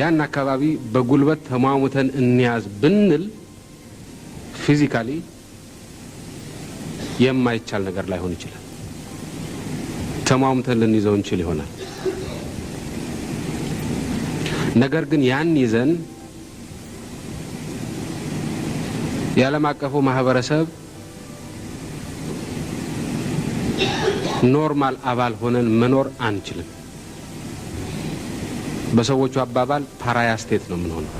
ያን አካባቢ በጉልበት ተሟሙተን እንያዝ ብንል ፊዚካሊ የማይቻል ነገር ላይሆን ይችላል። ተሟሙተን ልንይዘው እንችል ይሆናል። ነገር ግን ያን ይዘን የዓለም አቀፉ ማህበረሰብ ኖርማል አባል ሆነን መኖር አንችልም። በሰዎቹ አባባል ፓራያ ስቴት ነው የምንሆነው።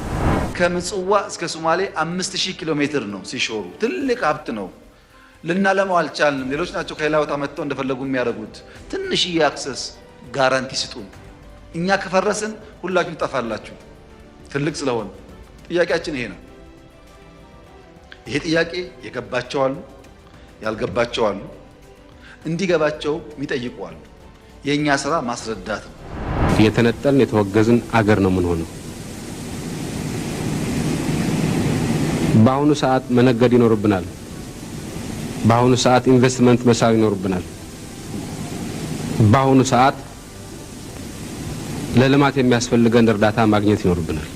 ከምጽዋ እስከ ሶማሌ አምስት ሺህ ኪሎ ሜትር ነው ሲሾሩ፣ ትልቅ ሀብት ነው። ልናለማው አልቻልንም። ሌሎች ናቸው ከሌላ ቦታ መጥተው እንደፈለጉ የሚያደርጉት። ትንሽዬ አክሰስ ጋራንቲ ስጡን። እኛ ከፈረስን ሁላችሁ ትጠፋላችሁ። ትልቅ ስለሆነ ጥያቄያችን ይሄ ነው። ይሄ ጥያቄ የገባቸው አሉ፣ ያልገባቸው አሉ፣ እንዲገባቸው የሚጠይቁ አሉ። የእኛ ስራ ማስረዳት ነው። የተነጠልን የተወገዝን አገር ነው የምንሆነው። በአሁኑ ሰዓት መነገድ ይኖርብናል። በአሁኑ ሰዓት ኢንቨስትመንት መሳብ ይኖርብናል። በአሁኑ ሰዓት ለልማት የሚያስፈልገን እርዳታ ማግኘት ይኖርብናል።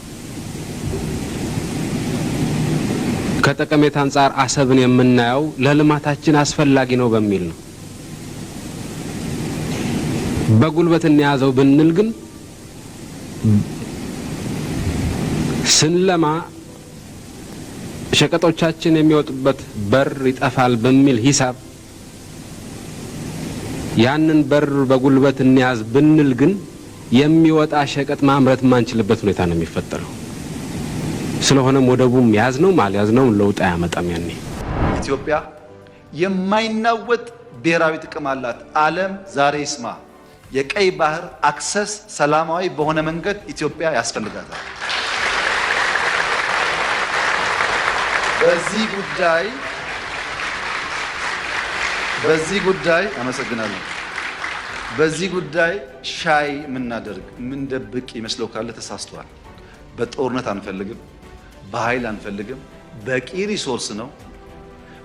ከጠቀሜታ አንጻር አሰብን የምናየው ለልማታችን አስፈላጊ ነው በሚል ነው። በጉልበት እንያዘው ብንል ግን ስንለማ ሸቀጦቻችን የሚወጡበት በር ይጠፋል በሚል ሂሳብ ያንን በር በጉልበት እንያዝ ብንል ግን የሚወጣ ሸቀጥ ማምረት የማንችልበት ሁኔታ ነው የሚፈጠረው። ስለሆነም ወደቡም ያዝ ነው ማልያዝ ነው ለውጥ አያመጣም። ያኔ ኢትዮጵያ የማይናወጥ ብሔራዊ ጥቅም አላት። ዓለም ዛሬ ይስማ። የቀይ ባህር አክሰስ ሰላማዊ በሆነ መንገድ ኢትዮጵያ ያስፈልጋታል። በዚህ ጉዳይ በዚህ ጉዳይ አመሰግናለሁ። በዚህ ጉዳይ ሻይ የምናደርግ የምንደብቅ ይመስለው ካለ ተሳስተዋል። በጦርነት አንፈልግም፣ በኃይል አንፈልግም። በቂ ሪሶርስ ነው።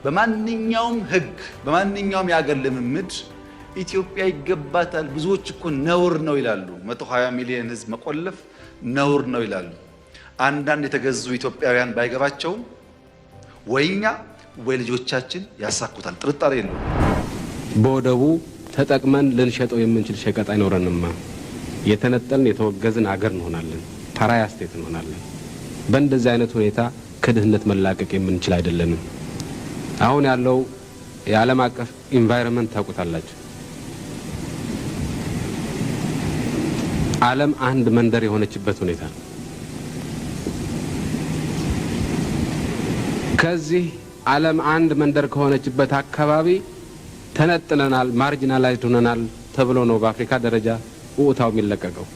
በማንኛውም ህግ በማንኛውም የአገር ልምምድ ኢትዮጵያ ይገባታል። ብዙዎች እኮ ነውር ነው ይላሉ። 120 ሚሊዮን ህዝብ መቆለፍ ነውር ነው ይላሉ። አንዳንድ የተገዙ ኢትዮጵያውያን ባይገባቸውም ወይኛ ወይ ልጆቻችን ያሳኩታል፣ ጥርጣሬ የለው። በወደቡ ተጠቅመን ልንሸጠው የምንችል ሸቀጥ አይኖረንማ። የተነጠልን የተወገዝን አገር እንሆናለን፣ ተራ ስቴት እንሆናለን። በእንደዚህ አይነት ሁኔታ ከድህነት መላቀቅ የምንችል አይደለንም። አሁን ያለው የዓለም አቀፍ ኢንቫይሮንመንት ታውቁታላችሁ። ዓለም አንድ መንደር የሆነችበት ሁኔታ ነው። ከዚህ ዓለም አንድ መንደር ከሆነችበት አካባቢ ተነጥለናል፣ ማርጂናላይዝድ ሆነናል ተብሎ ነው በአፍሪካ ደረጃ ውዕታው የሚለቀቀው።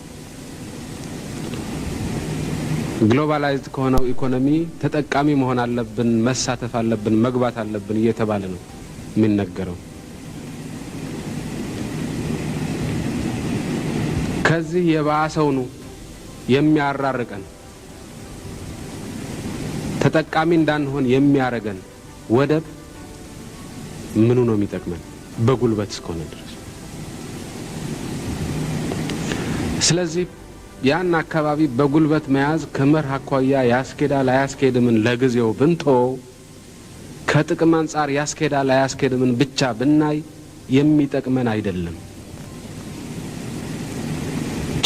ግሎባላይዝድ ከሆነው ኢኮኖሚ ተጠቃሚ መሆን አለብን፣ መሳተፍ አለብን፣ መግባት አለብን እየተባለ ነው የሚነገረው። ከዚህ የባሰው ነው የሚያራርቀን ተጠቃሚ እንዳንሆን የሚያረገን። ወደብ ምኑ ነው የሚጠቅመን? በጉልበት እስከሆነ ድረስ። ስለዚህ ያን አካባቢ በጉልበት መያዝ ከመርህ አኳያ ያስኬዳል አያስኬድምን ለጊዜው ብንተወው፣ ከጥቅም አንጻር ያስኬዳል አያስኬድምን ብቻ ብናይ የሚጠቅመን አይደለም።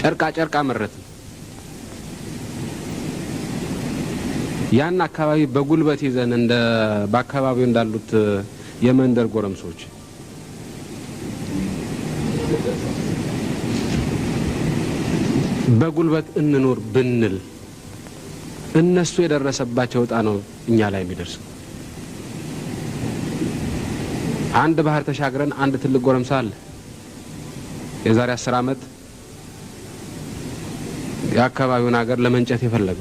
ጨርቃ ጨርቅ አመረትን። ያን አካባቢ በጉልበት ይዘን እንደ በአካባቢው እንዳሉት የመንደር ጎረምሶች በጉልበት እንኖር ብንል እነሱ የደረሰባቸው እጣ ነው እኛ ላይ የሚደርሰው። አንድ ባህር ተሻግረን አንድ ትልቅ ጎረምሳ አለ። የዛሬ አስር ዓመት የአካባቢውን ሀገር ለመንጨት የፈለገ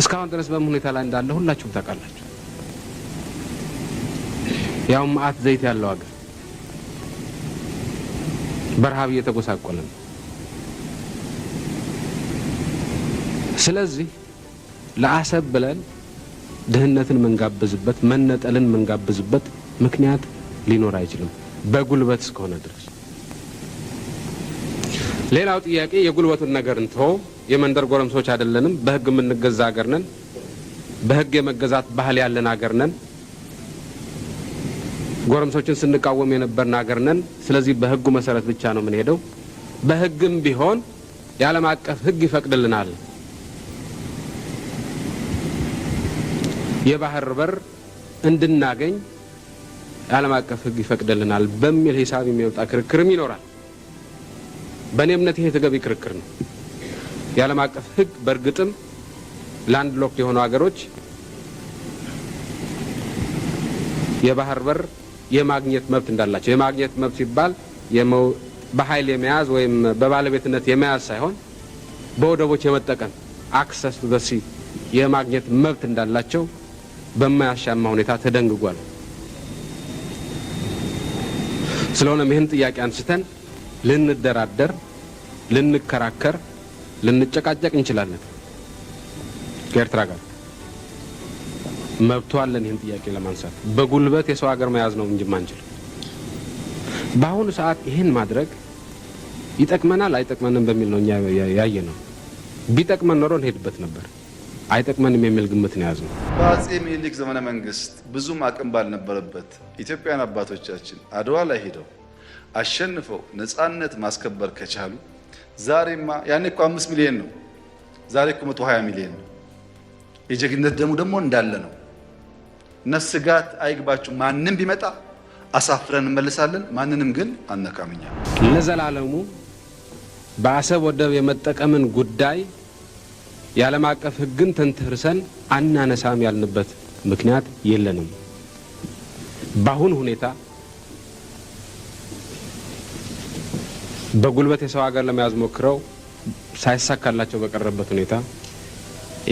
እስካሁን ድረስ በምን ሁኔታ ላይ እንዳለ ሁላችሁም ታውቃላችሁ። ያውም ማአት ዘይት ያለው ሀገር በረሃብ እየተጎሳቆለ ነው። ስለዚህ ለአሰብ ብለን ድህነትን መንጋብዝበት መነጠልን ምንጋብዝበት ምክንያት ሊኖር አይችልም፣ በጉልበት እስከሆነ ድረስ ሌላው ጥያቄ የጉልበቱን ነገር እንትሆ የመንደር ጎረምሶች አይደለንም። በህግ የምንገዛ ሀገር ነን። በህግ የመገዛት ባህል ያለን ሀገር ነን። ጎረምሶችን ስንቃወም የነበርን ሀገር ነን። ስለዚህ በህጉ መሰረት ብቻ ነው የምንሄደው። በህግም ቢሆን የዓለም አቀፍ ህግ ይፈቅድልናል። የባህር በር እንድናገኝ የዓለም አቀፍ ህግ ይፈቅድልናል በሚል ሂሳብ የሚወጣ ክርክርም ይኖራል። በእኔ እምነት ይሄ ተገቢ ክርክር ነው። የዓለም አቀፍ ሕግ በእርግጥም ላንድ ሎክ የሆኑ ሀገሮች የባህር በር የማግኘት መብት እንዳላቸው የማግኘት መብት ሲባል በኃይል የመያዝ ወይም በባለቤትነት የመያዝ ሳይሆን በወደቦች የመጠቀም አክሰስ በሲ የማግኘት መብት እንዳላቸው በማያሻማ ሁኔታ ተደንግጓል። ስለሆነም ይህን ጥያቄ አንስተን ልንደራደር፣ ልንከራከር፣ ልንጨቃጨቅ እንችላለን ከኤርትራ ጋር መብቷ አለን። ይህን ጥያቄ ለማንሳት በጉልበት የሰው ሀገር መያዝ ነው እንጂ ማንችል። በአሁኑ ሰዓት ይህን ማድረግ ይጠቅመናል አይጠቅመንም በሚል ነው እኛ ያየ ነው። ቢጠቅመን ኖሮ እንሄድበት ነበር። አይጠቅመንም የሚል ግምት ነው የያዝነው። በአጼ ምኒልክ ዘመነ መንግስት ብዙም አቅም ባልነበረበት ኢትዮጵያን አባቶቻችን አድዋ ላይ ሄደው አሸንፈው ነፃነት ማስከበር ከቻሉ ዛሬማ ያኔ እኮ አምስት ሚሊዮን ነው፣ ዛሬ እኮ መቶ ሀያ ሚሊዮን ነው። የጀግነት ደሙ ደግሞ እንዳለ ነው እና ስጋት አይግባችሁ። ማንም ቢመጣ አሳፍረን እንመልሳለን። ማንንም ግን አነካምኛ ለዘላለሙ በአሰብ ወደብ የመጠቀምን ጉዳይ የዓለም አቀፍ ሕግን ተንተርሰን አናነሳም ያልንበት ምክንያት የለንም። በአሁን ሁኔታ በጉልበት የሰው ሀገር ለመያዝ ሞክረው ሳይሳካላቸው በቀረበት ሁኔታ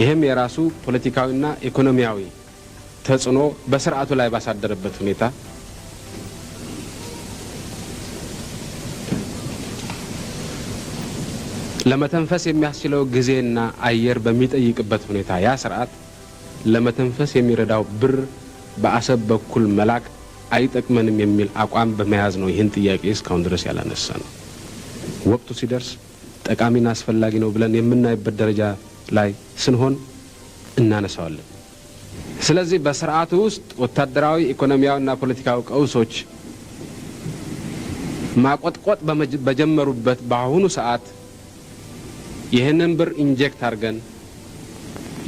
ይህም የራሱ ፖለቲካዊና ኢኮኖሚያዊ ተጽዕኖ በስርዓቱ ላይ ባሳደረበት ሁኔታ ለመተንፈስ የሚያስችለው ጊዜና አየር በሚጠይቅበት ሁኔታ ያ ስርዓት ለመተንፈስ የሚረዳው ብር በአሰብ በኩል መላክ አይጠቅመንም የሚል አቋም በመያዝ ነው ይህን ጥያቄ እስካሁን ድረስ ያላነሳ ነው። ወቅቱ ሲደርስ ጠቃሚና አስፈላጊ ነው ብለን የምናይበት ደረጃ ላይ ስንሆን እናነሳዋለን። ስለዚህ በስርዓቱ ውስጥ ወታደራዊ ኢኮኖሚያዊና ፖለቲካዊ ቀውሶች ማቆጥቆጥ በጀመሩበት በአሁኑ ሰዓት ይህንን ብር ኢንጀክት አድርገን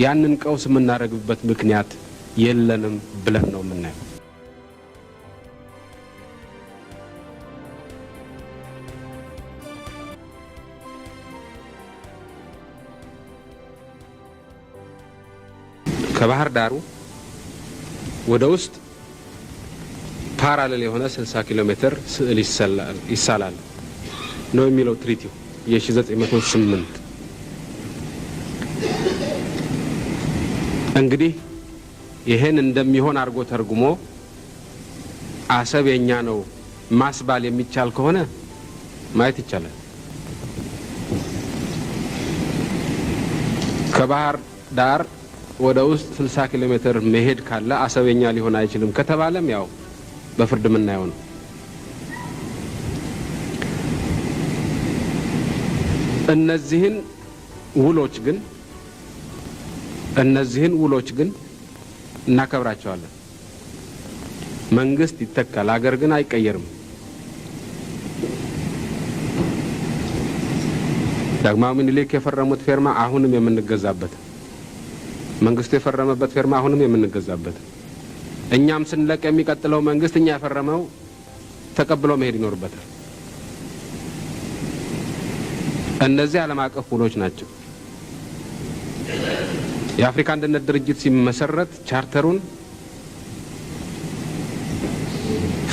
ያንን ቀውስ የምናደርግበት ምክንያት የለንም ብለን ነው የምናየው። ከባህር ዳሩ ወደ ውስጥ ፓራሌል የሆነ 60 ኪሎ ሜትር ስዕል ይሳላል ነው የሚለው ትሪቲው የ1908 እንግዲህ ይህን እንደሚሆን አድርጎ ተርጉሞ አሰብ የኛ ነው ማስባል የሚቻል ከሆነ ማየት ይቻላል። ከባህር ዳር ወደ ውስጥ 60 ኪሎ ሜትር መሄድ ካለ አሰበኛ ሊሆን አይችልም ከተባለም ያው በፍርድ የምናየው ነው። እነዚህን ውሎች ግን እነዚህን ውሎች ግን እናከብራቸዋለን። መንግስት ይተካል፣ አገር ግን አይቀየርም። ዳግማዊ ምኒልክ የፈረሙት ፌርማ አሁንም የምንገዛበት መንግስቱ የፈረመበት ፊርማ አሁንም የምንገዛበት እኛም ስንለቅ የሚቀጥለው መንግስት እኛ የፈረመው ተቀብሎ መሄድ ይኖርበታል። እነዚህ ዓለም አቀፍ ውሎች ናቸው። የአፍሪካ አንድነት ድርጅት ሲመሰረት ቻርተሩን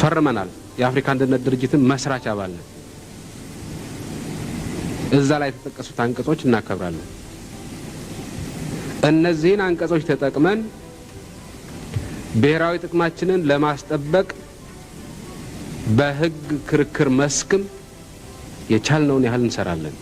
ፈርመናል። የአፍሪካ አንድነት ድርጅትን መስራች አባል ነን። እዛ ላይ የተጠቀሱት አንቀጾች እናከብራለን። እነዚህን አንቀጾች ተጠቅመን ብሔራዊ ጥቅማችንን ለማስጠበቅ በሕግ ክርክር መስክም የቻልነውን ያህል እንሰራለን።